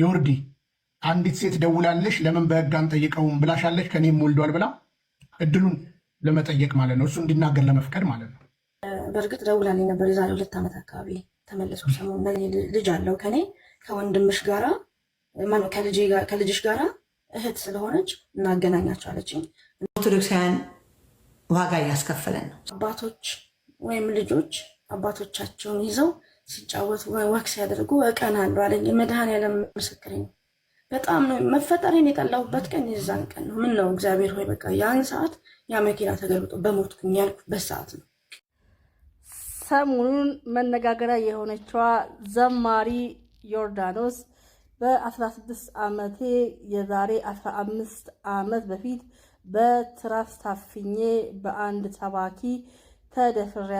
የወርዲ አንዲት ሴት ደውላለሽ ለምን በህግ አንጠይቀውም ብላሻለች ከኔም ወልዷል ብላ እድሉን ለመጠየቅ ማለት ነው፣ እሱ እንዲናገር ለመፍቀድ ማለት ነው። በእርግጥ ደውላልኝ ነበር የዛሬ ሁለት ዓመት አካባቢ ተመለስኩ። ሰሞኑን ልጅ አለው ከኔ ከወንድምሽ ጋራ ከልጅሽ ጋራ እህት ስለሆነች እናገናኛቸው አለችኝ። ኦርቶዶክሳውያን ዋጋ እያስከፈለን ነው። አባቶች ወይም ልጆች አባቶቻቸውን ይዘው ሲጫወቱ ወክ ሲያደርጉ እቀን አሉ አለኝ። መድኃኔዓለም ምስክሬ ነው። በጣም ነው መፈጠሬን የጠላሁበት ቀን የዛን ቀን ነው። ምን ነው እግዚአብሔር ሆይ በቃ ያን ሰዓት ያ መኪና ተገልብጦ በሞትኩኝ ያልኩበት ሰዓት ነው። ሰሞኑን መነጋገሪያ የሆነችዋ ዘማሪ ዮርዳኖስ በ16 ዓመቴ የዛሬ 15 ዓመት በፊት በትራስ ታፍኜ በአንድ ሰባኪ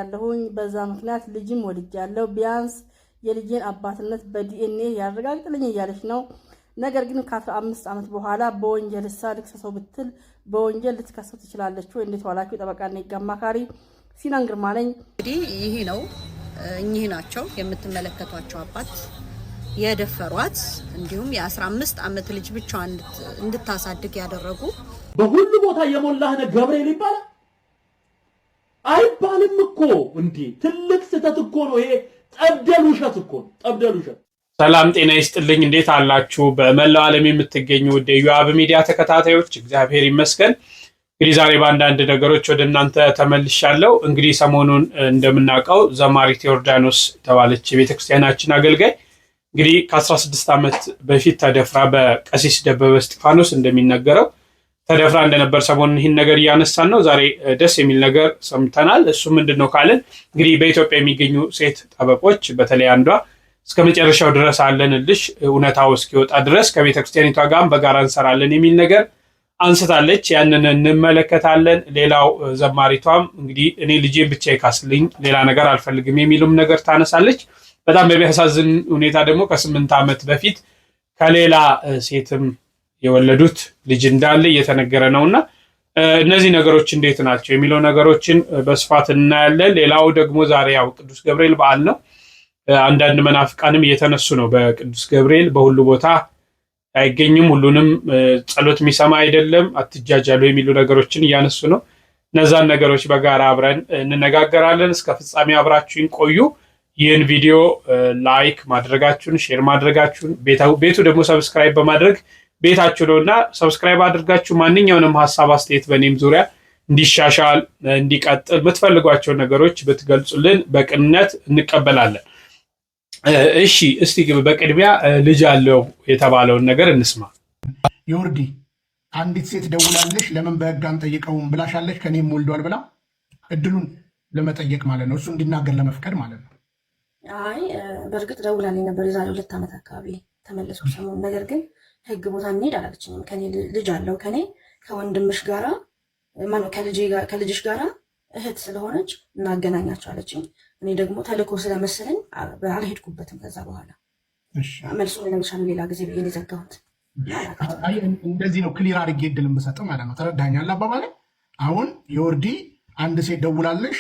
ያለሁኝ በዛ ምክንያት ልጅም ወልጃለሁ። ቢያንስ የልጅን አባትነት በዲኤንኤ ያረጋግጥልኝ እያለች ነው። ነገር ግን ከአስራ አምስት ዓመት በኋላ በወንጀል እሳ ልክሰሰው ብትል በወንጀል ልትከሰው ትችላለች ወይ? እንዴት ዋላችሁ? ጠበቃና የህግ አማካሪ ሲናን ግርማ ነኝ። እንግዲህ ይህ ነው እኚህ ናቸው የምትመለከቷቸው አባት የደፈሯት እንዲሁም የ15 ዓመት ልጅ ብቻዋን እንድታሳድግ ያደረጉ በሁሉ ቦታ የሞላህነ ገብርኤል ይባላል። አይባልም እኮ እንዴ! ትልቅ ስህተት እኮ ነው ይሄ። ጠብደል ውሸት እኮ ጠብደል ውሸት። ሰላም ጤና ይስጥልኝ። እንዴት አላችሁ? በመላው ዓለም የምትገኙ ውድ የዩአብ ሚዲያ ተከታታዮች እግዚአብሔር ይመስገን። እንግዲህ ዛሬ በአንዳንድ ነገሮች ወደ እናንተ ተመልሻለሁ። እንግዲህ ሰሞኑን እንደምናውቀው ዘማሪት ዮርዳኖስ የተባለች የቤተክርስቲያናችን አገልጋይ እንግዲህ ከ16 ዓመት በፊት ተደፍራ በቀሲስ ደበበ እስጢፋኖስ እንደሚነገረው ተደፍራ እንደነበር ሰሞኑን ይህን ነገር እያነሳን ነው። ዛሬ ደስ የሚል ነገር ሰምተናል። እሱ ምንድን ነው ካልን እንግዲህ በኢትዮጵያ የሚገኙ ሴት ጠበቆች በተለይ አንዷ እስከ መጨረሻው ድረስ አለንልሽ፣ እውነታው እስኪወጣ ድረስ ከቤተክርስቲያኒቷ ጋርም በጋራ እንሰራለን የሚል ነገር አንስታለች። ያንን እንመለከታለን። ሌላው ዘማሪቷም እንግዲህ እኔ ልጄን ብቻ ይካስልኝ፣ ሌላ ነገር አልፈልግም የሚሉም ነገር ታነሳለች። በጣም በሚያሳዝን ሁኔታ ደግሞ ከስምንት ዓመት በፊት ከሌላ ሴትም የወለዱት ልጅ እንዳለ እየተነገረ ነው እና እነዚህ ነገሮች እንዴት ናቸው የሚለው ነገሮችን በስፋት እናያለን። ሌላው ደግሞ ዛሬ ያው ቅዱስ ገብርኤል በዓል ነው። አንዳንድ መናፍቃንም እየተነሱ ነው። በቅዱስ ገብርኤል በሁሉ ቦታ አይገኝም፣ ሁሉንም ጸሎት የሚሰማ አይደለም፣ አትጃጃሉ የሚሉ ነገሮችን እያነሱ ነው። እነዛን ነገሮች በጋራ አብረን እንነጋገራለን። እስከ ፍጻሜ አብራችሁን ቆዩ። ይህን ቪዲዮ ላይክ ማድረጋችሁን፣ ሼር ማድረጋችሁን ቤቱ ደግሞ ሰብስክራይብ በማድረግ ቤታችሁ ነው እና ሰብስክራይብ አድርጋችሁ ማንኛውንም ሀሳብ አስተያየት በእኔም ዙሪያ እንዲሻሻል እንዲቀጥል የምትፈልጓቸው ነገሮች ብትገልጹልን በቅንነት እንቀበላለን። እሺ እስቲ በቅድሚያ ልጅ አለው የተባለውን ነገር እንስማ። ዮርዲ፣ አንዲት ሴት ደውላለች። ለምን በህግ አንጠይቀውም ብላሻለች። ከኔም ወልዷል ብላ እድሉን ለመጠየቅ ማለት ነው፣ እሱ እንዲናገር ለመፍቀድ ማለት ነው። አይ በእርግጥ ደውላልኝ ነበር የዛሬ ሁለት ዓመት አካባቢ ተመለሰው ሰሞኑን ነገር ግን ህግ ቦታ እንሄድ አላለችኝም። ከኔ ልጅ አለው ከኔ ከወንድምሽ ጋራ ማነው ከልጅሽ ጋራ እህት ስለሆነች እናገናኛቸው አለችኝ። እኔ ደግሞ ተልእኮ ስለመሰለኝ አልሄድኩበትም። ከዛ በኋላ መልሱ ለምሳሌ ሌላ ጊዜ ብዬ የዘጋሁት እንደዚህ ነው። ክሊር አድርጌ እድል የምሰጥ ማለት ነው። ተረዳኛል አባባለ። አሁን የወርዲ አንድ ሴት ደውላለሽ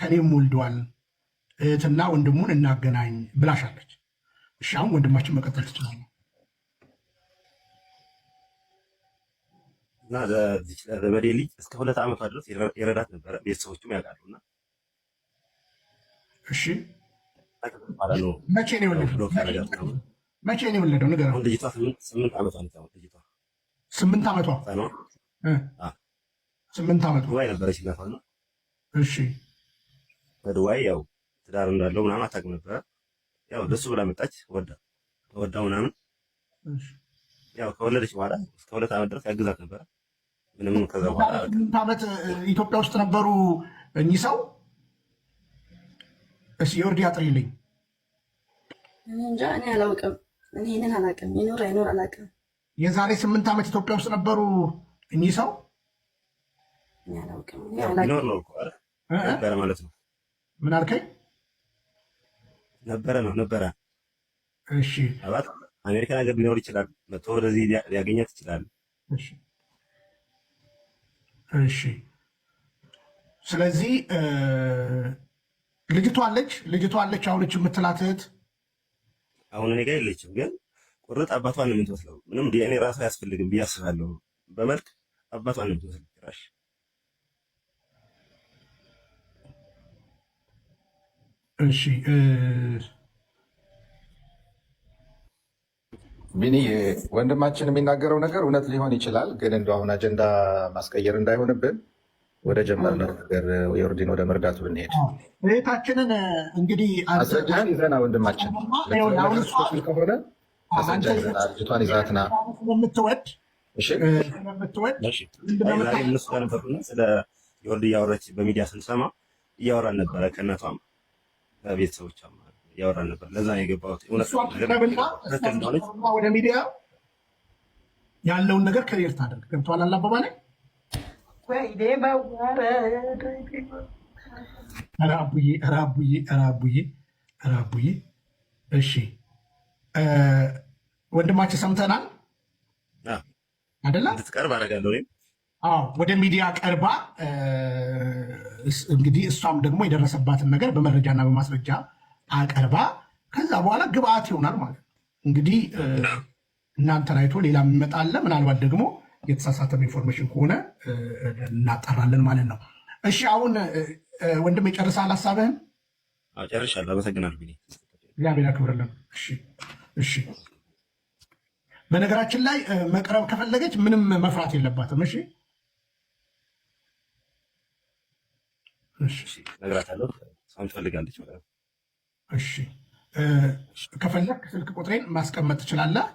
ከኔም ወልደዋል እህትና ወንድሙን እናገናኝ ብላሻለች። እሺ አሁን ወንድማችን መቀጠል ትችላለህ። እና ለዚች ለዘመዴ ልጅ እስከ ሁለት ዓመቷ ድረስ የረዳት ነበረ። ቤተሰቦቹም ያውቃሉ። እና እሺ መቼ ነው የወለደው? መቼ ነው የወለደው? ልጅቷ ስምንት ዓመቷ ነው። ልጅቷ ስምንት ዓመቷ ስምንት ዓመቷ ዱባይ ነበረች እናቷ ነው። እሺ በዱባይ ያው ትዳር እንዳለው ምናምን አታውቅም ነበረ። ያው ደሱ ብላ መጣች። ወዳ ወዳ ምናምን ያው ከወለደች በኋላ እስከ ሁለት ዓመት ድረስ ያግዛት ነበረ። ምንም ከዛ በኋላ ዓመት ኢትዮጵያ ውስጥ ነበሩ እኚህ ሰው። እስኪ ዮርዲ አጥሪልኝ። እንጃ እኔ አላውቅም፣ እኔ ይህንን አላውቅም። ይኖር አይኖር አላውቅም። የዛሬ ስምንት ዓመት ኢትዮጵያ ውስጥ ነበሩ እኚህ ሰው። ይኖር ነው ነበረ ማለት ነው። ምን አልከኝ? ነበረ ነው ነበረ። እሺ አባት አሜሪካን ሀገር ሊኖር ይችላል። መቶ ወደዚህ ሊያገኛት ይችላል። እሺ። ስለዚህ ልጅቷ አለች ልጅቷ አለች አሁንች የምትላት እህት አሁን እኔ ጋር የለችም፣ ግን ቁርጥ አባቷን ነው የምትመስለው። ምንም ዲኤንኤ ራሱ አያስፈልግም ብዬ አስባለሁ። በመልክ አባቷን ነው የምትመስለው ጭራሽ እሺ ቢኒ ወንድማችን የሚናገረው ነገር እውነት ሊሆን ይችላል፣ ግን እንደ አሁን አጀንዳ ማስቀየር እንዳይሆንብን ወደ ጀመርነው ነገር የኦርዲን ወደ መርዳቱ ብንሄድ ቤታችንን እንግዲህ አስረጃህን ይዘና ወንድማችን ከሆነ አስረጃ ይዘና ልጅቷን ይዛትና የምትወድ ስለ የወልድ እያወራች በሚዲያ ስንሰማ እያወራን ነበረ ከእነቷም ቤተሰቦቿም ያወራል ነበር። ለዛ ነው የገባሁት። ወደ ሚዲያ ያለውን ነገር ከሪር ታደርግ ገብተዋል። አላባባ ላይ ራቡዬ ራቡዬ ራቡዬ ራቡዬ። እሺ ወንድማችን ሰምተናል አደለ? እንድትቀርብ አደርጋለሁ። አዎ ወደ ሚዲያ ቀርባ እንግዲህ እሷም ደግሞ የደረሰባትን ነገር በመረጃና በማስረጃ አቀርባ ከዛ በኋላ ግብአት ይሆናል ማለት ነው። እንግዲህ እናንተን አይቶ ሌላ የሚመጣለ ምናልባት ደግሞ የተሳሳተም ኢንፎርሜሽን ከሆነ እናጠራለን ማለት ነው። እሺ አሁን ወንድም የጨርሳል ሀሳብህን? ጨርሻለሁ። አመሰግናለሁ። እግዚአብሔር ያክብርልን። እሺ እሺ። በነገራችን ላይ መቅረብ ከፈለገች ምንም መፍራት የለባትም። እሺ እሺ፣ እነግራታለሁ። እሷም ትፈልጋለች እሺ ከፈለክ ስልክ ቁጥሬን ማስቀመጥ ትችላለህ፣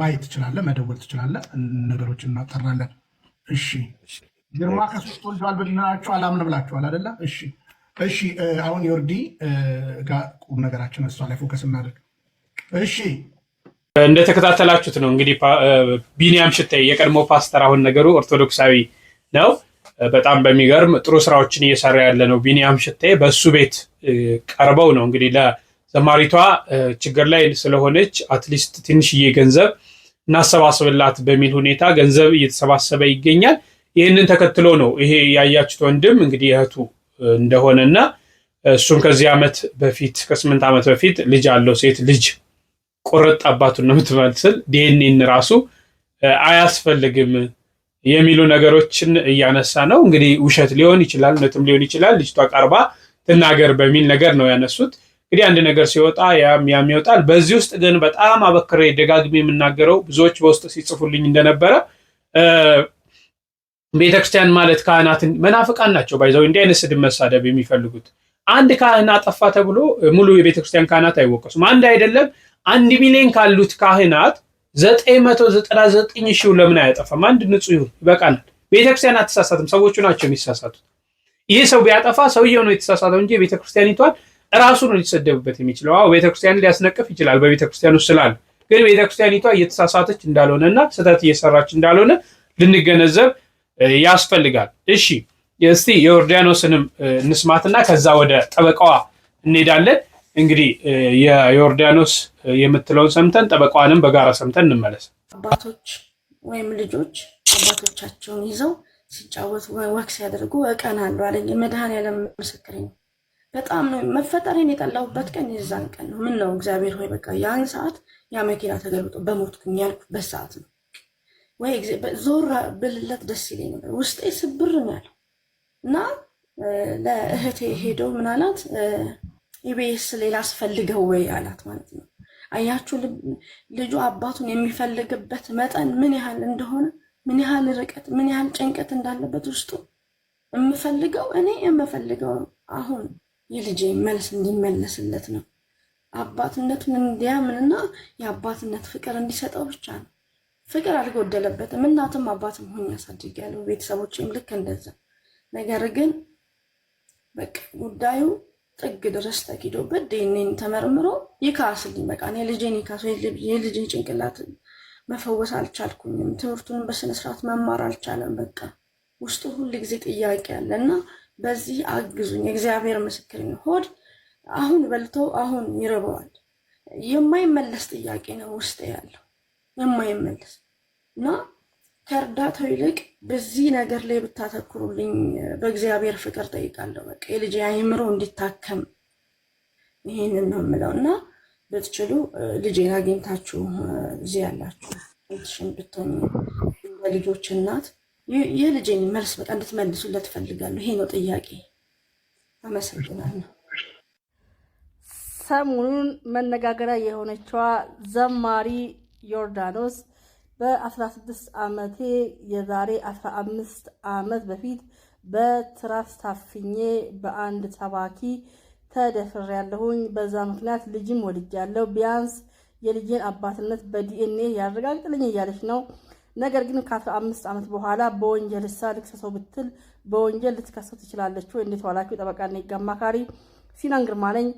ማየት ትችላለህ፣ መደወል ትችላለህ። ነገሮችን እናጠራለን። እሺ ግርማ ከሶስት ወልደዋል ብናቸው አላምን ብላችኋል አደለ? እሺ እሺ። አሁን የወርዲ ጋር ቁም ነገራችን እሷ ላይ ፎከስ እናደርግ። እሺ እንደተከታተላችሁት ነው እንግዲህ ቢኒያም ሽታይ የቀድሞ ፓስተር፣ አሁን ነገሩ ኦርቶዶክሳዊ ነው። በጣም በሚገርም ጥሩ ስራዎችን እየሰራ ያለ ነው ቢኒያም ሽታዬ። በእሱ ቤት ቀርበው ነው እንግዲህ ለዘማሪቷ ችግር ላይ ስለሆነች አትሊስት ትንሽዬ ገንዘብ እናሰባስብላት በሚል ሁኔታ ገንዘብ እየተሰባሰበ ይገኛል። ይህንን ተከትሎ ነው ይሄ ያያችሁት ወንድም እንግዲህ እህቱ እንደሆነና እሱም ከዚህ ዓመት በፊት ከስምንት ዓመት በፊት ልጅ አለው ሴት ልጅ ቁርጥ አባቱን ነው የምትመስል ዲኤንኤን ራሱ አያስፈልግም የሚሉ ነገሮችን እያነሳ ነው። እንግዲህ ውሸት ሊሆን ይችላል፣ እውነትም ሊሆን ይችላል። ልጅቷ ቀርባ ትናገር በሚል ነገር ነው ያነሱት። እንግዲህ አንድ ነገር ሲወጣ ያም ያም ይወጣል። በዚህ ውስጥ ግን በጣም አበክሬ ደጋግሜ የምናገረው ብዙዎች በውስጥ ሲጽፉልኝ እንደነበረ ቤተክርስቲያን ማለት ካህናትን መናፍቃን ናቸው። ባይዘው እንዲህ አይነት ስድብ መሳደብ የሚፈልጉት አንድ ካህን አጠፋ ተብሎ ሙሉ የቤተክርስቲያን ካህናት አይወቀሱም። አንድ አይደለም አንድ ሚሊዮን ካሉት ካህናት ዘጠኝ መቶ ዘጠና ዘጠኝ ሺው ለምን አያጠፋም? አንድ ንጹህ ይሁን ይበቃናል። ቤተክርስቲያን አትሳሳትም፣ ሰዎቹ ናቸው የሚሳሳቱት። ይህ ሰው ቢያጠፋ ሰውየው ነው የተሳሳተው እንጂ ቤተክርስቲያኒቷን እራሱ ነው ሊሰደብበት የሚችለው። አዎ ቤተክርስቲያን ሊያስነቅፍ ይችላል፣ በቤተክርስቲያን ውስጥ ስላለ። ግን ቤተክርስቲያኒቷ እየተሳሳተች እንዳልሆነና ስህተት እየሰራች እንዳልሆነ ልንገነዘብ ያስፈልጋል። እሺ እስቲ የዮርዳኖስንም እንስማትና ከዛ ወደ ጠበቃዋ እንሄዳለን። እንግዲህ የዮርዳኖስ የምትለውን ሰምተን ጠበቃዋንም በጋራ ሰምተን እንመለስ። አባቶች ወይም ልጆች አባቶቻቸውን ይዘው ሲጫወቱ ወይ ወክ ሲያደርጉ እቀናለሁ አለኝ። መድኃኔዓለም ምስክሬ ነው። በጣም ነው መፈጠሬን የጠላሁበት ቀን የዛን ቀን ነው። ምን ነው እግዚአብሔር ሆይ በቃ ያን ሰዓት ያ መኪና ተገልብጦ በሞትኩኝ ያልኩበት ሰዓት ነው። ወይ ዞር ብልለት ደስ ይለኝ ነበር። ውስጤ ስብር ነው ያለው እና ለእህቴ ሄዶ ምናላት ኢቢኤስ ሌላ አስፈልገው ወይ አላት ማለት ነው። አያችሁ ልጁ አባቱን የሚፈልግበት መጠን ምን ያህል እንደሆነ፣ ምን ያህል ርቀት፣ ምን ያህል ጭንቀት እንዳለበት ውስጡ የምፈልገው እኔ የምፈልገው አሁን የልጄ መልስ እንዲመለስለት ነው። አባትነቱን እንዲያምንና የአባትነት ፍቅር እንዲሰጠው ብቻ ነው። ፍቅር አልጎደለበትም። እናትም አባትም ሆኜ አሳድጌያለሁ። ቤተሰቦችም ልክ እንደዛ። ነገር ግን በቃ ጉዳዩ ጥግ ድረስ ተኪዶበት ዴኔን ተመርምሮ ይካስልኝ በቃ የልጄን ይካስ የልጄን ጭንቅላት መፈወስ አልቻልኩኝም። ትምህርቱን በስነስርዓት መማር አልቻለም። በቃ ውስጡ ሁል ጊዜ ጥያቄ አለ እና በዚህ አግዙኝ። የእግዚአብሔር ምስክር ሆድ አሁን በልቶ አሁን ይርበዋል። የማይመለስ ጥያቄ ነው ውስጥ ያለው የማይመለስ እና ከእርዳታው ይልቅ በዚህ ነገር ላይ ብታተኩሩልኝ በእግዚአብሔር ፍቅር ጠይቃለሁ። በቃ የልጅ አይምሮ እንዲታከም ይህንን ነው የምለው እና ብትችሉ ልጄን አግኝታችሁ እዚህ ያላችሁ ትሽን ብትሆኝ በልጆች እናት የልጄን መልስ በቃ እንድትመልሱለት እፈልጋለሁ። ይሄ ነው ጥያቄ። አመሰግናለሁ። ሰሞኑን መነጋገሪያ የሆነችዋ ዘማሪ ዮርዳኖስ በ16 ዓመቴ የዛሬ 15 ዓመት በፊት በትራስ ታፍኜ በአንድ ሰባኪ ያለሁኝ በዛ ምክንያት ልጅም ወልጃለሁ። ቢያንስ የልጄን አባትነት በዲኤንኤ ያረጋግጥልኝ እያለች ነው። ነገር ግን ከ15 ዓመት በኋላ በወንጀል እሳ ልክሰሰው ብትል በወንጀል ልትከሰው ትችላለች ወይ? እንዴት ዋላችሁ? ጠበቃና የህግ አማካሪ ሲናን ግርማ ነኝ።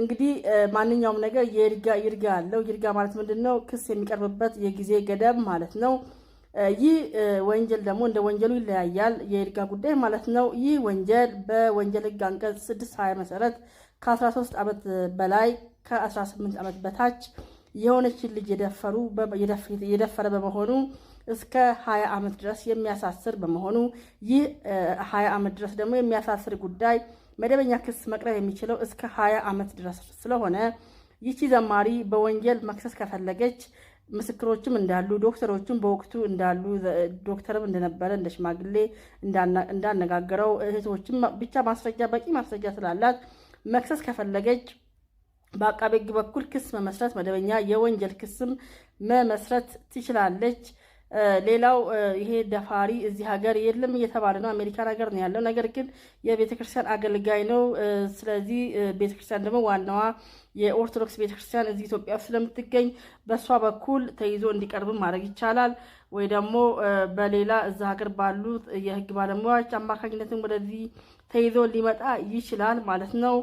እንግዲህ ማንኛውም ነገር የይርጋ ይርጋ አለው። ይርጋ ማለት ምንድን ነው? ክስ የሚቀርብበት የጊዜ ገደብ ማለት ነው። ይህ ወንጀል ደግሞ እንደ ወንጀሉ ይለያያል፣ የይርጋ ጉዳይ ማለት ነው። ይህ ወንጀል በወንጀል ሕግ አንቀጽ 620 መሰረት ከ13 ዓመት በላይ ከ18 ዓመት በታች የሆነችን ልጅ የደፈረ በመሆኑ እስከ 20 ዓመት ድረስ የሚያሳስር በመሆኑ ይህ 20 ዓመት ድረስ ደግሞ የሚያሳስር ጉዳይ መደበኛ ክስ መቅረብ የሚችለው እስከ 20 ዓመት ድረስ ስለሆነ ይቺ ዘማሪ በወንጀል መክሰስ ከፈለገች ምስክሮችም እንዳሉ ዶክተሮችም በወቅቱ እንዳሉ ዶክተርም እንደነበረ እንደ ሽማግሌ እንዳነጋገረው እህቶችም ብቻ ማስረጃ በቂ ማስረጃ ስላላት መክሰስ ከፈለገች በአቃቤ ሕግ በኩል ክስ መመስረት መደበኛ የወንጀል ክስም መመስረት ትችላለች። ሌላው ይሄ ደፋሪ እዚህ ሀገር የለም እየተባለ ነው። አሜሪካን ሀገር ነው ያለው። ነገር ግን የቤተክርስቲያን አገልጋይ ነው። ስለዚህ ቤተክርስቲያን ደግሞ ዋናዋ የኦርቶዶክስ ቤተክርስቲያን እዚህ ኢትዮጵያ ውስጥ ስለምትገኝ በእሷ በኩል ተይዞ እንዲቀርብም ማድረግ ይቻላል ወይ ደግሞ በሌላ እዛ ሀገር ባሉ የህግ ባለሙያዎች አማካኝነትም ወደዚህ ተይዞ ሊመጣ ይችላል ማለት ነው።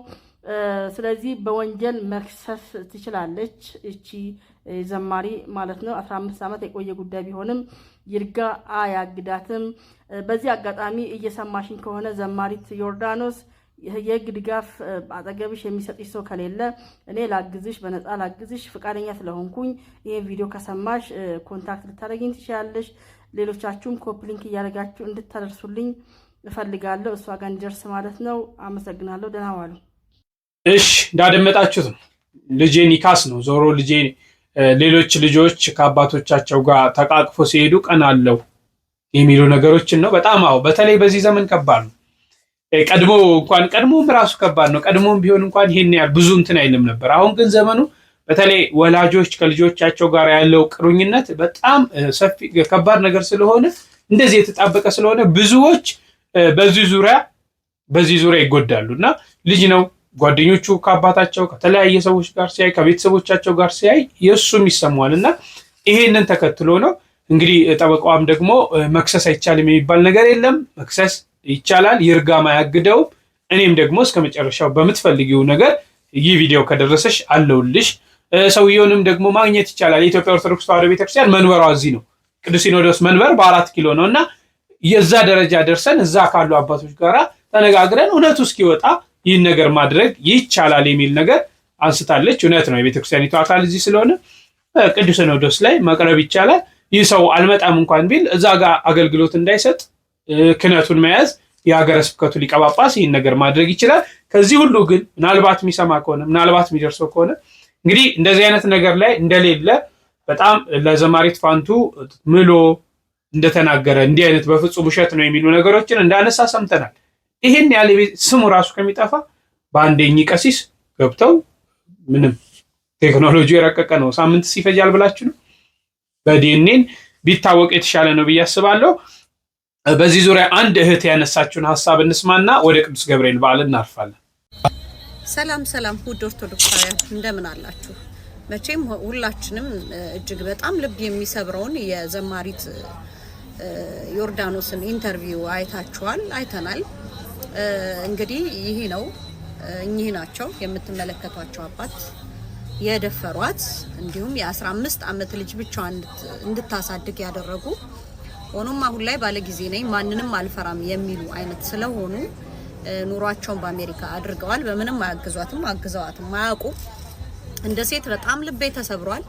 ስለዚህ በወንጀል መክሰስ ትችላለች እቺ ዘማሪ ማለት ነው። 15 ዓመት የቆየ ጉዳይ ቢሆንም ይርጋ አያግዳትም። በዚህ አጋጣሚ እየሰማሽኝ ከሆነ ዘማሪት ዮርዳኖስ የህግ ድጋፍ አጠገብሽ የሚሰጥሽ ሰው ከሌለ እኔ ላግዝሽ፣ በነፃ ላግዝሽ ፈቃደኛ ስለሆንኩኝ ይህን ቪዲዮ ከሰማሽ ኮንታክት ልታደርግኝ ትችላለሽ። ሌሎቻችሁም ኮፕሊንክ እያደረጋችሁ እንድታደርሱልኝ እፈልጋለሁ፣ እሷ ጋር እንዲደርስ ማለት ነው። አመሰግናለሁ። ደህና ዋሉ። እሺ እንዳደመጣችሁት ነው። ልጄ ኒካስ ነው። ዞሮ ልጄ ሌሎች ልጆች ከአባቶቻቸው ጋር ተቃቅፎ ሲሄዱ ቀን አለው የሚሉ ነገሮችን ነው። በጣም አዎ፣ በተለይ በዚህ ዘመን ከባድ ነው። ቀድሞ እንኳን ቀድሞም ራሱ ከባድ ነው። ቀድሞም ቢሆን እንኳን ይሄን ያህል ብዙ እንትን አይልም ነበር። አሁን ግን ዘመኑ በተለይ ወላጆች ከልጆቻቸው ጋር ያለው ቅሩኝነት በጣም ሰፊ ከባድ ነገር ስለሆነ እንደዚህ የተጣበቀ ስለሆነ ብዙዎች በዚህ ዙሪያ በዚህ ዙሪያ ይጎዳሉ እና ልጅ ነው ጓደኞቹ ከአባታቸው ከተለያየ ሰዎች ጋር ሲያይ ከቤተሰቦቻቸው ጋር ሲያይ የእሱም ይሰማዋል እና ይሄንን ተከትሎ ነው እንግዲህ ጠበቃዋም ደግሞ መክሰስ አይቻልም የሚባል ነገር የለም፣ መክሰስ ይቻላል፣ ይርጋም አያግደውም። እኔም ደግሞ እስከ መጨረሻው በምትፈልጊው ነገር ይህ ቪዲዮ ከደረሰሽ አለውልሽ። ሰውየውንም ደግሞ ማግኘት ይቻላል። የኢትዮጵያ ኦርቶዶክስ ተዋሕዶ ቤተክርስቲያን መንበሯ እዚህ ነው። ቅዱስ ሲኖዶስ መንበር በአራት ኪሎ ነው እና የዛ ደረጃ ደርሰን እዛ ካሉ አባቶች ጋራ ተነጋግረን እውነቱ እስኪወጣ ይህን ነገር ማድረግ ይቻላል የሚል ነገር አንስታለች። እውነት ነው። የቤተክርስቲያኒቱ አካል እዚህ ስለሆነ ቅዱስ ሲኖዶስ ላይ መቅረብ ይቻላል። ይህ ሰው አልመጣም እንኳን ቢል እዛ ጋር አገልግሎት እንዳይሰጥ ክህነቱን መያዝ የሀገረ ስብከቱ ሊቀ ጳጳስ ይህን ነገር ማድረግ ይችላል። ከዚህ ሁሉ ግን ምናልባት የሚሰማ ከሆነ ምናልባት የሚደርሰው ከሆነ እንግዲህ እንደዚህ አይነት ነገር ላይ እንደሌለ በጣም ለዘማሪት ፋንቱ ምሎ እንደተናገረ እንዲህ አይነት በፍጹም ውሸት ነው የሚሉ ነገሮችን እንዳነሳ ሰምተናል። ይሄን ያለ ስሙ ራሱ ከሚጠፋ በአንደኝ ቀሲስ ገብተው ምንም ቴክኖሎጂ የረቀቀ ነው። ሳምንት ሲፈጃል ብላችሁ ነው። በዲኤንኤን ቢታወቅ የተሻለ ነው ብዬ አስባለሁ። በዚህ ዙሪያ አንድ እህት ያነሳችውን ሀሳብ እንስማና ወደ ቅዱስ ገብርኤል በዓል እናርፋለን። ሰላም ሰላም፣ ውድ ኦርቶዶክሳውያን እንደምን አላችሁ? መቼም ሁላችንም እጅግ በጣም ልብ የሚሰብረውን የዘማሪት ዮርዳኖስን ኢንተርቪው አይታችኋል፣ አይተናል። እንግዲህ ይሄ ነው እኚህ ናቸው የምትመለከቷቸው አባት የደፈሯት እንዲሁም የ15 ዓመት ልጅ ብቻዋን እንድታሳድግ ያደረጉ ሆኖም አሁን ላይ ባለጊዜ ነኝ ማንንም አልፈራም የሚሉ አይነት ስለሆኑ ኑሯቸውን በአሜሪካ አድርገዋል። በምንም አያግዟትም፣ አግዘዋትም አያውቁ። እንደ ሴት በጣም ልቤ ተሰብሯል።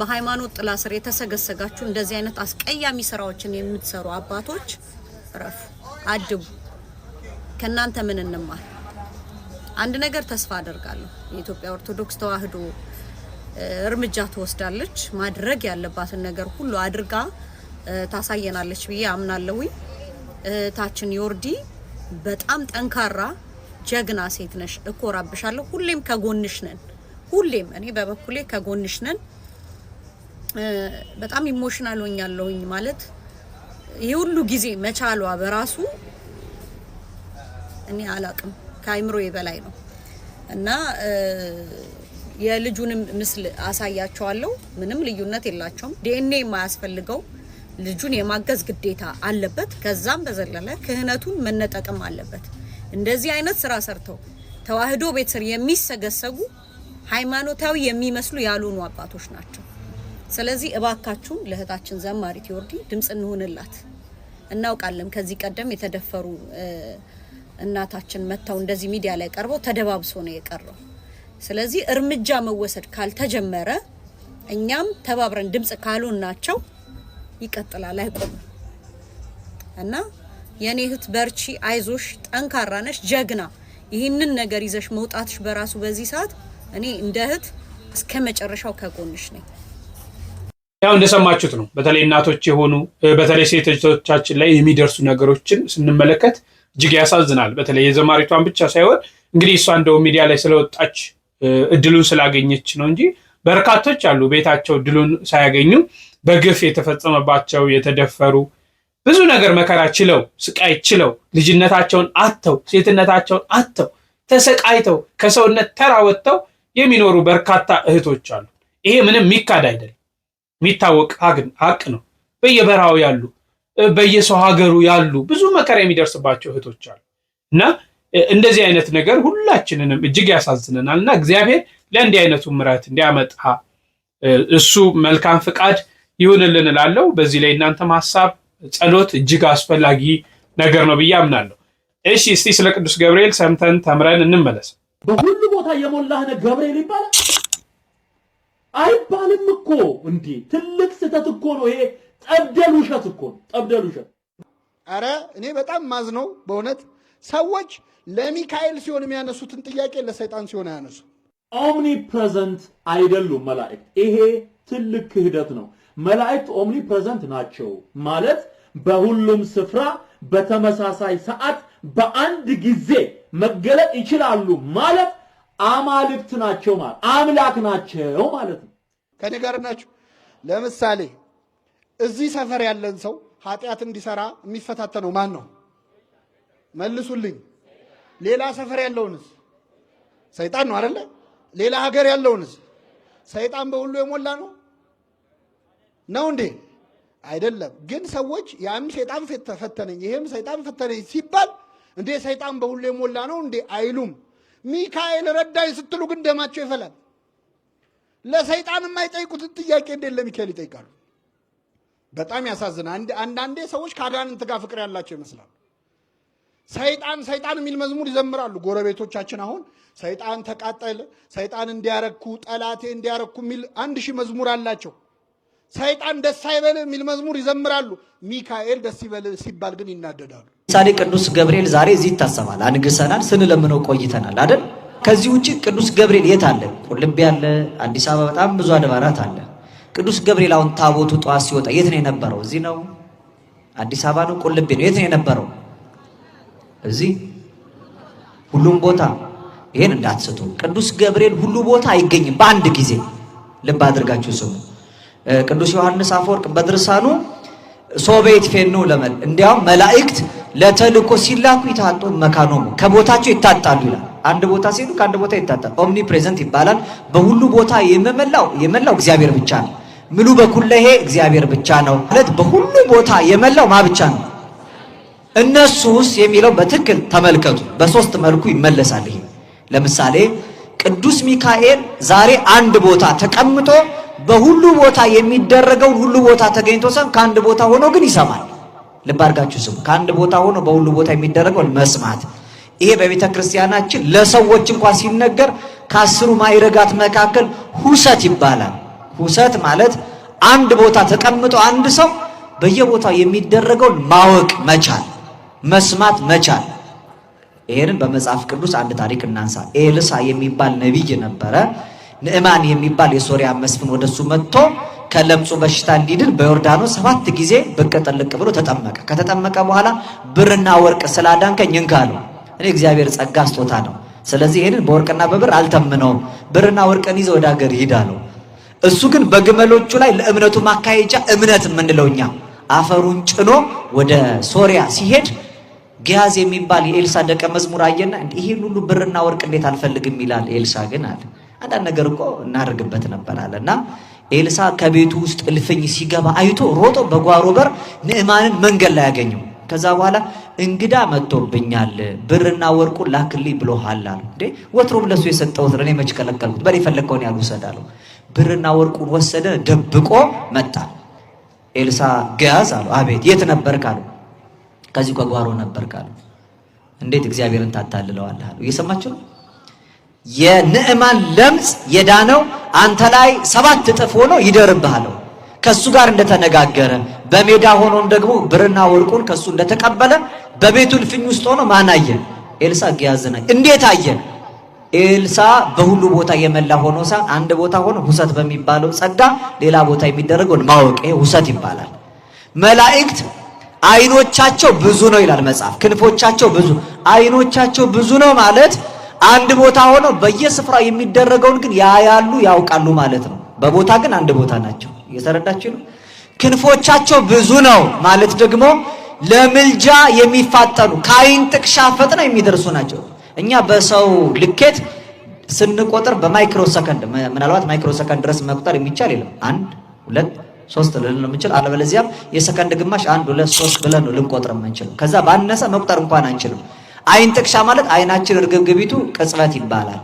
በሃይማኖት ጥላ ስር የተሰገሰጋችሁ እንደዚህ አይነት አስቀያሚ ስራዎችን የምትሰሩ አባቶች ረፉ፣ አድቡ። ከእናንተ ምን እንማር? አንድ ነገር ተስፋ አደርጋለሁ። የኢትዮጵያ ኦርቶዶክስ ተዋህዶ እርምጃ ትወስዳለች። ማድረግ ያለባትን ነገር ሁሉ አድርጋ ታሳየናለች ብዬ አምናለሁኝ። እህታችን ዮርዲ በጣም ጠንካራ ጀግና ሴት ነሽ፣ እኮራብሻለሁ። ሁሌም ከጎንሽ ነን። ሁሌም እኔ በበኩሌ ከጎንሽ ነን። በጣም ኢሞሽናል ሆኛለሁኝ ማለት ይህ ሁሉ ጊዜ መቻሏ በራሱ እኔ አላቅም ከአይምሮ በላይ ነው እና የልጁንም ምስል አሳያቸዋለሁ። ምንም ልዩነት የላቸውም። ዲኤንኤ የማያስፈልገው ልጁን የማገዝ ግዴታ አለበት። ከዛም በዘለለ ክህነቱን መነጠቅም አለበት። እንደዚህ አይነት ስራ ሰርተው ተዋህዶ ቤት ስር የሚሰገሰጉ ሃይማኖታዊ የሚመስሉ ያልሆኑ አባቶች ናቸው። ስለዚህ እባካችሁ ለእህታችን ዘማሪት ዮርዲ ድምፅ እንሆንላት። እናውቃለን ከዚህ ቀደም የተደፈሩ እናታችን መጥተው እንደዚህ ሚዲያ ላይ ቀርበው ተደባብሶ ነው የቀረው። ስለዚህ እርምጃ መወሰድ ካልተጀመረ እኛም ተባብረን ድምፅ ካልሆንናቸው ይቀጥላል፣ አይቆምም እና የኔ እህት በርቺ፣ አይዞሽ፣ ጠንካራ ነሽ፣ ጀግና። ይህንን ነገር ይዘሽ መውጣትሽ በራሱ በዚህ ሰዓት እኔ እንደ እህት እስከ መጨረሻው ከጎንሽ ነኝ። ያው እንደሰማችሁት ነው። በተለይ እናቶች የሆኑ በተለይ ሴቶቻችን ላይ የሚደርሱ ነገሮችን ስንመለከት እጅግ ያሳዝናል። በተለይ የዘማሪቷን ብቻ ሳይሆን እንግዲህ እሷ እንደው ሚዲያ ላይ ስለወጣች እድሉን ስላገኘች ነው እንጂ በርካቶች አሉ ቤታቸው እድሉን ሳያገኙ በግፍ የተፈጸመባቸው የተደፈሩ ብዙ ነገር መከራ ችለው ስቃይ ችለው ልጅነታቸውን አተው ሴትነታቸውን አተው ተሰቃይተው ከሰውነት ተራ ወጥተው የሚኖሩ በርካታ እህቶች አሉ። ይሄ ምንም የሚካድ አይደለም፣ የሚታወቅ ሀቅ ነው። በየበረሃው ያሉ በየሰው ሀገሩ ያሉ ብዙ መከራ የሚደርስባቸው እህቶች አሉ እና እንደዚህ አይነት ነገር ሁላችንንም እጅግ ያሳዝነናል እና እግዚአብሔር ለእንዲህ አይነቱ ምሕረት እንዲያመጣ እሱ መልካም ፍቃድ ይሁንልን እላለሁ። በዚህ ላይ እናንተም ሀሳብ፣ ጸሎት እጅግ አስፈላጊ ነገር ነው ብዬ አምናለሁ። እሺ እስቲ ስለ ቅዱስ ገብርኤል ሰምተን ተምረን እንመለስ። በሁሉ ቦታ የሞላህ ነህ ገብርኤል ይባላል አይባልም እኮ እንዲህ ትልቅ ስህተት እኮ ነው ይሄ ጠብደል ውሸት እኮ ጠብደል ውሸት። አረ እኔ በጣም ማዝ ነው በእውነት ሰዎች ለሚካኤል ሲሆን የሚያነሱትን ጥያቄ ለሰይጣን ሲሆን አያነሱ። ኦምኒ ፕሬዘንት አይደሉም መላእክት። ይሄ ትልቅ ክህደት ነው። መላእክት ኦምኒ ፕሬዘንት ናቸው ማለት በሁሉም ስፍራ በተመሳሳይ ሰዓት በአንድ ጊዜ መገለጥ ይችላሉ ማለት አማልክት ናቸው ማለት አምላክ ናቸው ማለት ነው። ከኔ ጋር ናቸው። ለምሳሌ እዚህ ሰፈር ያለን ሰው ኃጢአት እንዲሰራ የሚፈታተነው ማን ነው? መልሱልኝ። ሌላ ሰፈር ያለውንስ ሰይጣን ነው አይደለ? ሌላ ሀገር ያለውንስ ሰይጣን በሁሉ የሞላ ነው ነው እንዴ? አይደለም። ግን ሰዎች ያም ሰይጣን ፈተነኝ ይሄም ሰይጣን ፈተነኝ ሲባል እንዴ ሰይጣን በሁሉ የሞላ ነው እንዴ አይሉም። ሚካኤል ረዳኝ ስትሉ ግን ደማቸው ይፈላል። ለሰይጣን የማይጠይቁትን ጥያቄ እንዴት ለሚካኤል ይጠይቃሉ? በጣም ያሳዝናል። አንዳንዴ ሰዎች ከአጋንንት ጋር ፍቅር ያላቸው ይመስላሉ። ሰይጣን ሰይጣን የሚል መዝሙር ይዘምራሉ። ጎረቤቶቻችን አሁን ሰይጣን ተቃጠል፣ ሰይጣን እንዲያረኩ፣ ጠላቴ እንዲያረኩ የሚል አንድ ሺህ መዝሙር አላቸው። ሰይጣን ደስ አይበል የሚል መዝሙር ይዘምራሉ። ሚካኤል ደስ ይበል ሲባል ግን ይናደዳሉ። ምሳሌ ቅዱስ ገብርኤል ዛሬ እዚህ ይታሰባል። አንግሰናል፣ ስንለምነው ቆይተናል አይደል? ከዚህ ውጭ ቅዱስ ገብርኤል የት አለ? ቁልቢ አለ፣ አዲስ አበባ በጣም ብዙ አድባራት አለ። ቅዱስ ገብርኤል አሁን ታቦቱ ጠዋት ሲወጣ የት ነው የነበረው? እዚህ ነው፣ አዲስ አበባ ነው፣ ቁልቤ ነው? የት ነው የነበረው? እዚህ ሁሉም ቦታ። ይሄን እንዳትስቱ። ቅዱስ ገብርኤል ሁሉ ቦታ አይገኝም በአንድ ጊዜ። ልብ አድርጋችሁ ስሙ። ቅዱስ ዮሐንስ አፈወርቅ በድርሳኑ ሶቤት ፌኖ ለመል እንዲያውም መላእክት ለተልእኮ ሲላኩ ይታጡ መካኖሙ ከቦታቸው ይታጣሉ ይላል። አንድ ቦታ ሲሄዱ ከአንድ ቦታ ይታጣል። ኦምኒ ፕሬዘንት ይባላል። በሁሉ ቦታ የመመላው የመላው እግዚአብሔር ብቻ ነው። ምሉ በኩለሄ እግዚአብሔር ብቻ ነው ማለት በሁሉ ቦታ የመላው ማ ብቻ ነው። እነሱስ የሚለው በትክክል ተመልከቱ። በሶስት መልኩ ይመለሳል። ይሄ ለምሳሌ ቅዱስ ሚካኤል ዛሬ አንድ ቦታ ተቀምጦ በሁሉ ቦታ የሚደረገውን ሁሉ ቦታ ተገኝቶ ሰም ከአንድ ቦታ ሆኖ ግን ይሰማል። ልብ አድርጋችሁ ስሙ። ከአንድ ቦታ ሆኖ በሁሉ ቦታ የሚደረገውን መስማት ይሄ በቤተ ክርስቲያናችን ለሰዎች እንኳን ሲነገር ከአስሩ ማይረጋት መካከል ሁሰት ይባላል። ሁሰት ማለት አንድ ቦታ ተቀምጦ አንድ ሰው በየቦታው የሚደረገውን ማወቅ መቻል፣ መስማት መቻል። ይሄንን በመጽሐፍ ቅዱስ አንድ ታሪክ እናንሳ። ኤልሳ የሚባል ነቢይ ነበረ። ንዕማን የሚባል የሶሪያ መስፍን ወደሱ መጥቶ ከለምጹ በሽታ እንዲድን በዮርዳኖስ ሰባት ጊዜ ብቅ ጥልቅ ብሎ ተጠመቀ። ከተጠመቀ በኋላ ብርና ወርቅ ስላዳንከኝ እንካ አለው። እኔ እግዚአብሔር ጸጋ ስጦታ ነው፣ ስለዚህ ይሄንን በወርቅና በብር አልተምነውም፣ ብርና ወርቅን ይዘ ወደ ሀገር ይሄዳ ነው። እሱ ግን በግመሎቹ ላይ ለእምነቱ ማካሄጃ እምነት የምንለው እኛ አፈሩን ጭኖ ወደ ሶሪያ ሲሄድ ጊያዝ የሚባል የኤልሳ ደቀ መዝሙር አየና ይሄን ሁሉ ብርና ወርቅ እንዴት አልፈልግም ይላል። ኤልሳ ግን አለ አንዳንድ ነገር እኮ እናደርግበት ነበር አለ እና ኤልሳ ከቤቱ ውስጥ እልፍኝ ሲገባ አይቶ ሮጦ በጓሮ በር ንዕማንን መንገድ ላይ ያገኘው። ከዛ በኋላ እንግዳ መጥቶብኛል ብርና ወርቁ ላክልኝ ብሎሃል አለ። እንዴ ወትሮም ለሱ የሰጠሁት ለእኔ መች ከለከልኩት በእኔ ፈለግከውን ያህል ውሰድ አለው። ብርና ወርቁን ወሰደ፣ ደብቆ መጣ። ኤልሳ ገያዝ አለ። አቤት የት ነበርክ አለ። ከዚህ ከጓሮ ነበርክ አለ። እንዴት እግዚአብሔርን ታታልለዋለህ አለ። እየሰማችሁ ነው። የንዕማን ለምጽ የዳነው አንተ ላይ ሰባት እጥፍ ሆኖ ይደርብሃል። ከሱ ጋር እንደተነጋገረ በሜዳ ሆኖም ደግሞ ብርና ወርቁን ከሱ እንደተቀበለ በቤቱ እልፍኝ ውስጥ ሆኖ ማን አየ? ኤልሳ ገያዝን። እንዴት አየ? ኤልሳ በሁሉ ቦታ የመላ ሆኖ ሳ አንድ ቦታ ሆኖ ሁሰት በሚባለው ጸጋ ሌላ ቦታ የሚደረገውን ማወቅ ሁሰት ይባላል። መላእክት አይኖቻቸው ብዙ ነው ይላል መጽሐፍ። ክንፎቻቸው ብዙ፣ አይኖቻቸው ብዙ ነው ማለት አንድ ቦታ ሆኖ በየስፍራው የሚደረገውን ግን ያያሉ፣ ያውቃሉ ማለት ነው። በቦታ ግን አንድ ቦታ ናቸው። እየተረዳችሁ ነው። ክንፎቻቸው ብዙ ነው ማለት ደግሞ ለምልጃ የሚፋጠኑ ከአይን ጥቅሻ ፈጥነው የሚደርሱ ናቸው። እኛ በሰው ልኬት ስንቆጥር በማይክሮ ሰከንድ ምናልባት ማይክሮ ሰከንድ ድረስ መቁጠር የሚቻል የለም። አንድ ሁለት ሶስት ልል ነው የምንችል። አለበለዚያም የሰከንድ ግማሽ አንድ ሁለት ሶስት ብለን ነው ልንቆጥር የምንችል ከዛ ባነሰ መቁጠር እንኳን አንችልም። አይን ጥቅሻ ማለት አይናችን እርግብግቢቱ ቅጽበት ይባላል።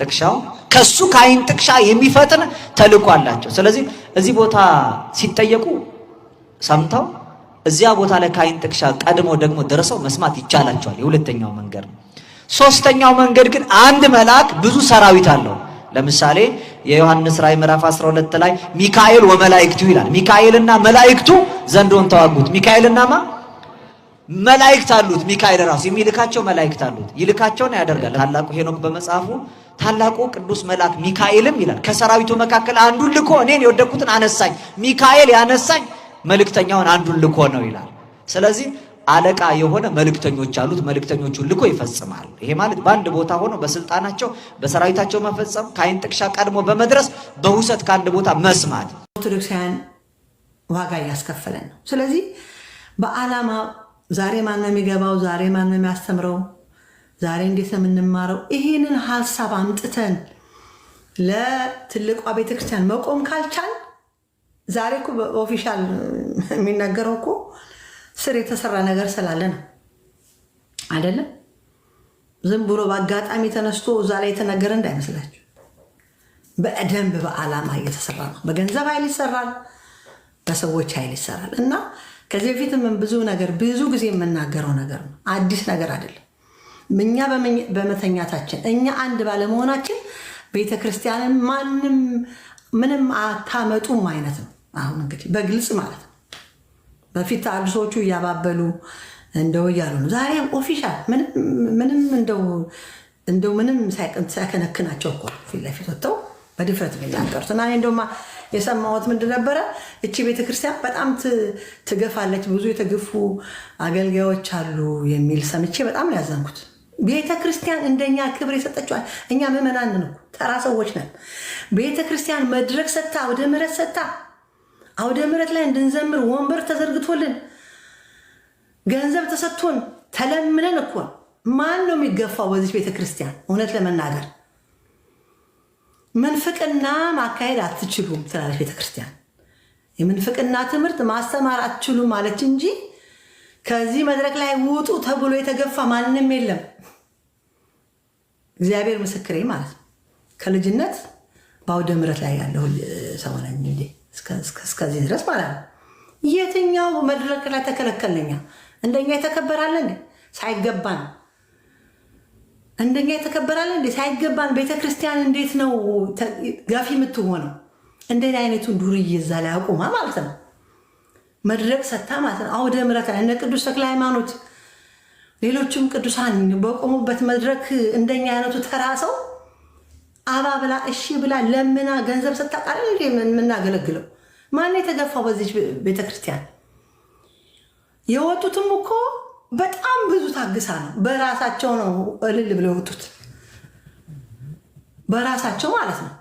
ጥቅሻው ከሱ ከአይን ጥቅሻ የሚፈጥን ተልእኮ አላቸው። ስለዚህ እዚህ ቦታ ሲጠየቁ ሰምተው እዚያ ቦታ ላይ ከአይን ጥቅሻ ቀድሞ ደግሞ ደርሰው መስማት ይቻላቸዋል። የሁለተኛው መንገድ ነው። ሶስተኛው መንገድ ግን አንድ መልአክ ብዙ ሰራዊት አለው። ለምሳሌ የዮሐንስ ራእይ ምዕራፍ 12 ላይ ሚካኤል ወመላእክቱ ይላል። ሚካኤልና መላእክቱ ዘንዶን ተዋጉት። ሚካኤልና ማ መላእክት አሉት። ሚካኤል ራሱ የሚልካቸው መላእክት አሉት። ይልካቸውን ያደርጋል። ታላቁ ሄኖክ በመጽሐፉ ታላቁ ቅዱስ መልአክ ሚካኤልም ይላል ከሰራዊቱ መካከል አንዱን ልኮ እኔን የወደኩትን አነሳኝ። ሚካኤል ያነሳኝ መልእክተኛውን አንዱን ልኮ ነው ይላል። ስለዚህ አለቃ የሆነ መልእክተኞች አሉት። መልእክተኞቹን ልኮ ይፈጽማል። ይሄ ማለት በአንድ ቦታ ሆኖ በስልጣናቸው በሰራዊታቸው መፈጸም፣ ከአይን ጥቅሻ ቀድሞ በመድረስ በውሰት ከአንድ ቦታ መስማት ኦርቶዶክሳውያን ዋጋ እያስከፈለን ነው። ስለዚህ በዓላማ ዛሬ ማነው የሚገባው? ዛሬ ማነው የሚያስተምረው? ዛሬ እንዴት ነው የምንማረው? ይሄንን ሀሳብ አምጥተን ለትልቋ ቤተክርስቲያን መቆም ካልቻል ዛሬ ኦፊሻል በኦፊሻል የሚነገረው እኮ ስር የተሰራ ነገር ስላለ ነው አይደለም። ዝም ብሎ በአጋጣሚ ተነስቶ እዛ ላይ የተነገረ እንዳይመስላችሁ። በደንብ በዓላማ እየተሰራ ነው። በገንዘብ ኃይል ይሰራል፣ በሰዎች ኃይል ይሰራል። እና ከዚህ በፊት ብዙ ነገር ብዙ ጊዜ የምናገረው ነገር ነው። አዲስ ነገር አይደለም። እኛ በመተኛታችን እኛ አንድ ባለመሆናችን ቤተ ክርስቲያንን ማንም ምንም አታመጡም አይነት ነው። አሁን እንግዲህ በግልጽ ማለት ነው በፊት ሰዎቹ እያባበሉ እንደው እያሉ ነው። ዛሬ ኦፊሻል ምንም እንደው ምንም ሳይከነክናቸው እኮ ፊት ለፊት ወጥተው በድፍረት የሚናገሩት እና እኔ እንደውም የሰማሁት ምንድን ነበረ፣ እቺ ቤተክርስቲያን በጣም ትገፋለች፣ ብዙ የተገፉ አገልጋዮች አሉ የሚል ሰምቼ በጣም ነው ያዘንኩት። ቤተክርስቲያን እንደኛ ክብር የሰጠችዋል። እኛ ምዕመናን ነው፣ ተራ ሰዎች ነን። ቤተክርስቲያን መድረክ ሰታ ወደ ምረት ሰታ አውደ ምረት ላይ እንድንዘምር ወንበር ተዘርግቶልን ገንዘብ ተሰጥቶን ተለምነን እኮ ማን ነው የሚገፋው በዚህ ቤተ ክርስቲያን? እውነት ለመናገር ምንፍቅና ማካሄድ አትችሉም ትላለች ቤተ ክርስቲያን። የምንፍቅና ትምህርት ማስተማር አትችሉም ማለች እንጂ ከዚህ መድረክ ላይ ውጡ ተብሎ የተገፋ ማንም የለም። እግዚአብሔር ምስክሬ ማለት ነው። ከልጅነት በአውደ ምረት ላይ ያለሁ ሰው ነኝ። እስከዚህ ድረስ ማለት ነው። የትኛው መድረክ ላይ ተከለከለኛ? እንደኛ የተከበራለን ሳይገባን እንደኛ የተከበራለን እንዴ? ሳይገባን ቤተክርስቲያን እንዴት ነው ጋፊ የምትሆነው? እንደዚህ አይነቱን ዱርዬ እዛ ላይ አቁማ ማለት ነው መድረክ ሰታ ማለት ነው። አውደ ምሕረት እነ ቅዱስ ተክለ ሃይማኖት፣ ሌሎችም ቅዱሳን በቆሙበት መድረክ እንደኛ አይነቱ ተራ ሰው አባ ብላ እሺ ብላ ለምና ገንዘብ ስታቃለ እንዴ የምናገለግለው ማን የተገፋው? በዚች ቤተክርስቲያን የወጡትም እኮ በጣም ብዙ ታግሳ ነው። በራሳቸው ነው እልል ብለው የወጡት በራሳቸው ማለት ነው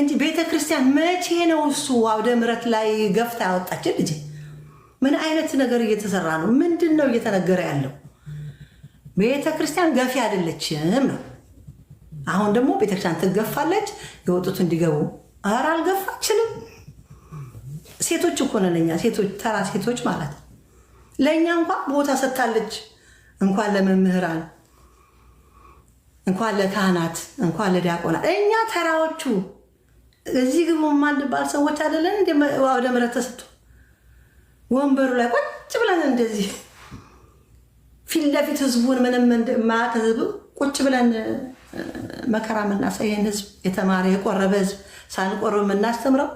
እንጂ ቤተክርስቲያን መቼ ነው እሱ አውደ ምረት ላይ ገፍታ ያወጣችን ልጅ? ምን አይነት ነገር እየተሰራ ነው? ምንድን ነው እየተነገረ ያለው? ቤተክርስቲያን ገፊ አይደለችም ነው አሁን ደግሞ ቤተክርስቲያን ትገፋለች፣ የወጡት እንዲገቡ። ኧረ አልገፋችንም። ሴቶች እኮ ነን እኛ ሴቶች፣ ተራ ሴቶች ማለት ለእኛ እንኳን ቦታ ሰጥታለች። እንኳን ለመምህራን፣ እንኳን ለካህናት፣ እንኳን ለዲያቆናት፣ እኛ ተራዎቹ እዚህ ግቡ የማንባል ሰዎች አይደለን። ወደ ምረት ተሰጥቶ ወንበሩ ላይ ቁጭ ብለን እንደዚህ ፊት ለፊት ህዝቡን ምንም ማያውቅ ህዝብ ቁጭ ብለን መከራ ምናሳ ይህን ህዝብ የተማረ የቆረበ ህዝብ ሳንቆርብ የምናስተምረው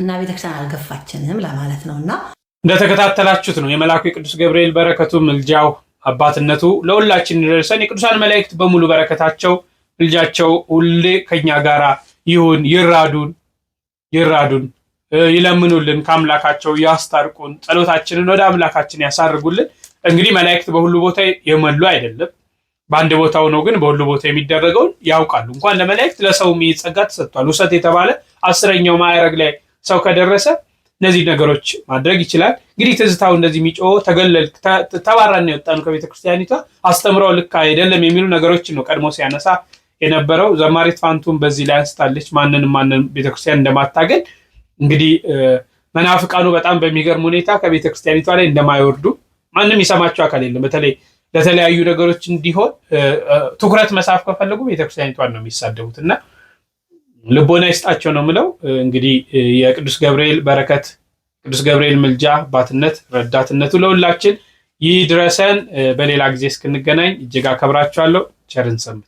እና ቤተክርስቲያን አልገፋችንም ለማለት ነው። እና እንደተከታተላችሁት ነው የመልአኩ የቅዱስ ገብርኤል በረከቱ ምልጃው አባትነቱ ለሁላችን ደርሰን የቅዱሳን መላእክት በሙሉ በረከታቸው ምልጃቸው ሁሌ ከኛ ጋራ ይሁን። ይራዱን ይራዱን ይለምኑልን ከአምላካቸው ያስታርቁን፣ ጸሎታችንን ወደ አምላካችን ያሳርጉልን። እንግዲህ መላእክት በሁሉ ቦታ የሞሉ አይደለም በአንድ ቦታ ሆነው ግን በሁሉ ቦታ የሚደረገውን ያውቃሉ። እንኳን ለመላእክት ለሰው ጸጋ ተሰጥቷል። ውሰት የተባለ አስረኛው ማዕረግ ላይ ሰው ከደረሰ እነዚህ ነገሮች ማድረግ ይችላል። እንግዲህ ትዝታው እንደዚህ የሚጮ ተገለል ተባራን የወጣኑ ከቤተ ክርስቲያኒቷ አስተምረው ልክ አይደለም የሚሉ ነገሮችን ነው ቀድሞ ሲያነሳ የነበረው። ዘማሪት ፋንቱን በዚህ ላይ አንስታለች። ማንንም ማንን ቤተክርስቲያን እንደማታገል እንግዲህ መናፍቃኑ በጣም በሚገርም ሁኔታ ከቤተክርስቲያኒቷ ላይ እንደማይወርዱ ማንም ይሰማቸው አካል የለም በተለይ ለተለያዩ ነገሮች እንዲሆን ትኩረት መሳፍ ከፈለጉ ቤተክርስቲያኒቷን ነው የሚሳደቡት እና ልቦና ይስጣቸው ነው ምለው። እንግዲህ የቅዱስ ገብርኤል በረከት፣ ቅዱስ ገብርኤል ምልጃ፣ አባትነት፣ ረዳትነቱ ለሁላችን ይድረሰን። በሌላ ጊዜ እስክንገናኝ እጅግ አከብራችኋለሁ። ቸርን ሰምት